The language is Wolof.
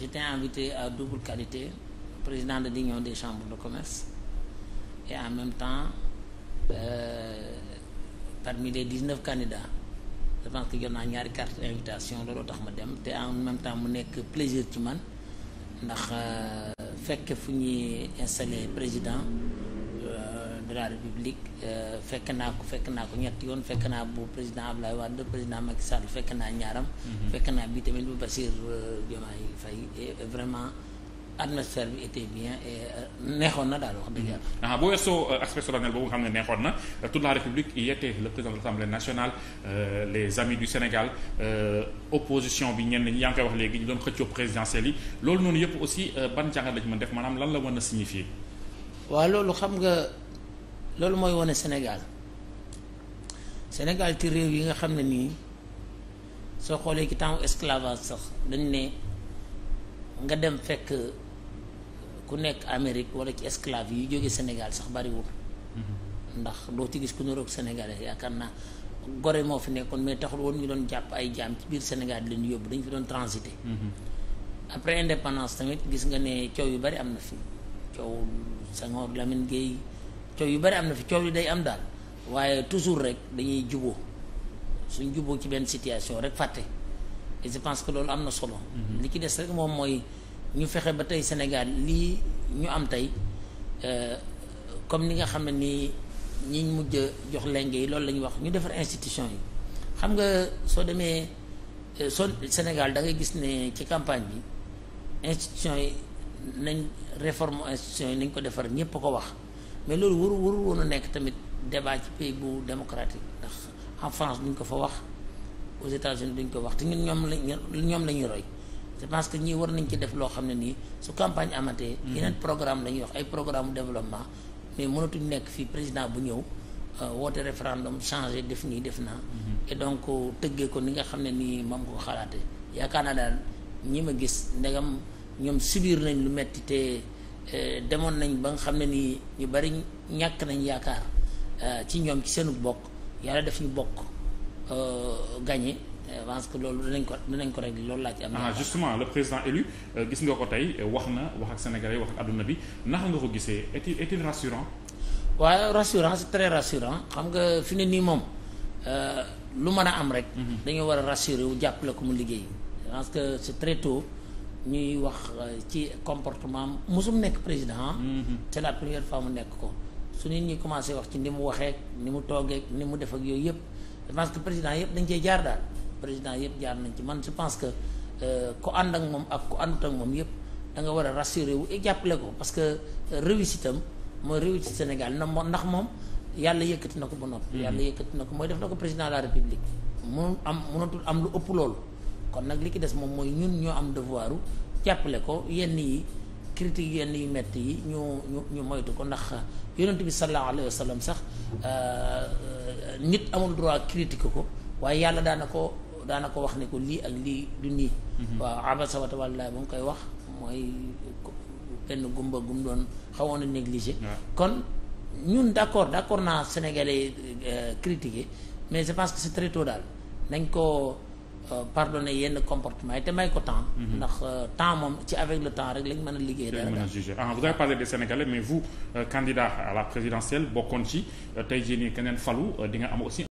j'étais invité à double qualité président de l'Union des chambres de commerce et en même temps euh, parmi les dix-neuf candidats je pense que jot naa ñaari carte invitation looloo tax ma dem te en même temps mu nekk plaisir ci man ndax euh, fekk fu ñuy installé président la république euh, fekk naa ko fekk naa ko ñett yoon fekk naa bu président Ablaye Wade président Macky Sall fekk naa ñaaram mhm. fekk naa bi tamit bu Bassir euh, Diomaye Faye vraiment atmosphère bi était bien et euh, neexoon na daal wax dëgg yàlla. ah bu weesoo aspect solennel boobu nga xam ne neexoon na toute la république y était le président de l'Assemblée nationale euh, les amis du Sénégal opposition bi ñenn ñi yaa ngi koy wax léegi ñu doon xëccoo présidentielle yi loolu noonu yëpp aussi ban jàngat la ñu mën def maanaam lan la mën a signifier. waaw loolu mooy wone Sénégal Sénégal ci réew yi nga xam ne nii soo xoolee ci temps esclavage sax dañ ne nga dem fekk ku nekk amerique wala ci esclave yi jóge Sénégal sax bariwul mm-hmm. ndax doo ci gis ku niroog sénégalais yaakaar naa gore moo fi nekkoon mais taxul woon ñu doon jàpp ay jaam ci biir Sénégal di leen yóbbu dañ fi doon transité mm-hmm. après indépendance tamit gis nga ne coow yu bari am na fi coow Senghor Lamine Guèye coow yu bari am na fi coow yu day am daal waaye toujours rek dañuy jubo suñ jubo ci benn situation rek fàtte et je que loolu am na solo. Mhm. li ci des rek moom mooy ñu fexe ba tey Sénégal lii ñu am tey euh, comme ni nga xam ne nii ñi mujj jox lenge yi loolu lañuy wax ñu defar institution yi xam nga soo demee euh, soo Sénégal da ngay gis ne ci campagne bi institution yi nañ réforme institution yi nañ ko defar ñépp ko wax. mais loolu waru waru woon a nekk tamit débat ci pays bu démocratique ndax en France duñ ko fa wax aux États-Unis duñ ko wax te ñun ñoom lañ ñoom la ñuy roy je pense que ñii war nañ ci def loo xam ne nii su campagne amatee. Mhm. yeneen programme la ñuy wax ay programme développement mais mënatuñ nekk fii président bu ñëw euh, woote référendum changé def nii def naa. Mhm. et donc euh, tëggee ko ni nga xam ne nii moom ko xalaatee yaakaar naa daal ñi ma gis ndegam ñoom subir nañ lu metti Eh, demoon nañ ba nga xam ne nii ñu bari ñàkk nañ yaakaar eh, ci ñoom ci seenu bokk yàlla def ñu bokk eh, gagné je pense que loolu dinañ ko dinañ ko régler loolu laa ci am. na ah, justement le président élu gis nga ko tey wax na wax ak sénégalais wax ak adduna bi naka nga ko gisee est-il est-il rassurant. waaw rassurant c'est très rassurant xam nga fi ne nii moom lu mën a am rek. Mhm. dañoo war a rassurer wu jàppale ko mu liggéey. je que c'est très tôt. ñuy wax euh, ci comportement mosum nekk président mm-hmm. c'est la première fois mu nekk ko su nit ñi commencé wax ci ni mu waxeek ni mu toogee ni mu def ak yooyu yëpp je que président yëpp dañ cee jaar daal président yëpp jaar nañ ci man je pense que euh, ku ànd ak moom ak ku àndut moom yëpp da nga war a rassuré wu et jàppale ko parce que euh, réussite am mooy réussite Sénégal na moo ndax moom yàlla yëkkati na ko ba noppi. Mm-hmm. yàlla yëkkati na ko mooy def na ko président la république mu am mënatul am lu ëpp loolu kon nag li ki des moom mooy ñun ñoo am devoiru jàppale ko yenn yi critique yenn yu metti yi ñu ñu ñu moytu ko ndax yonent bi sallallahu alayhi wa sallam sax euh, nit amul droit critique ko waaye yàlla daana ko daana ko wax ne ko lii ak lii du nii mhm. waaw abasa wa tawalla ba mu koy wax mooy benn gumba gum doon xawoon a négligé kon ñun d'accord d'accord naa sénégalais euh, critiqué mais je pense que c'est très daal nañ ko Euh, pardonner yenn comportement yi te may ko temps. Mhm. ndax euh, temps moom ci avec le temps rek lañ mën a liggéey. dara mën a juger ah vous avez parlé des Sénégalais mais vous euh, candidat à la présidentielle bokkoon ci tey jii nii keneen falu di am aussi.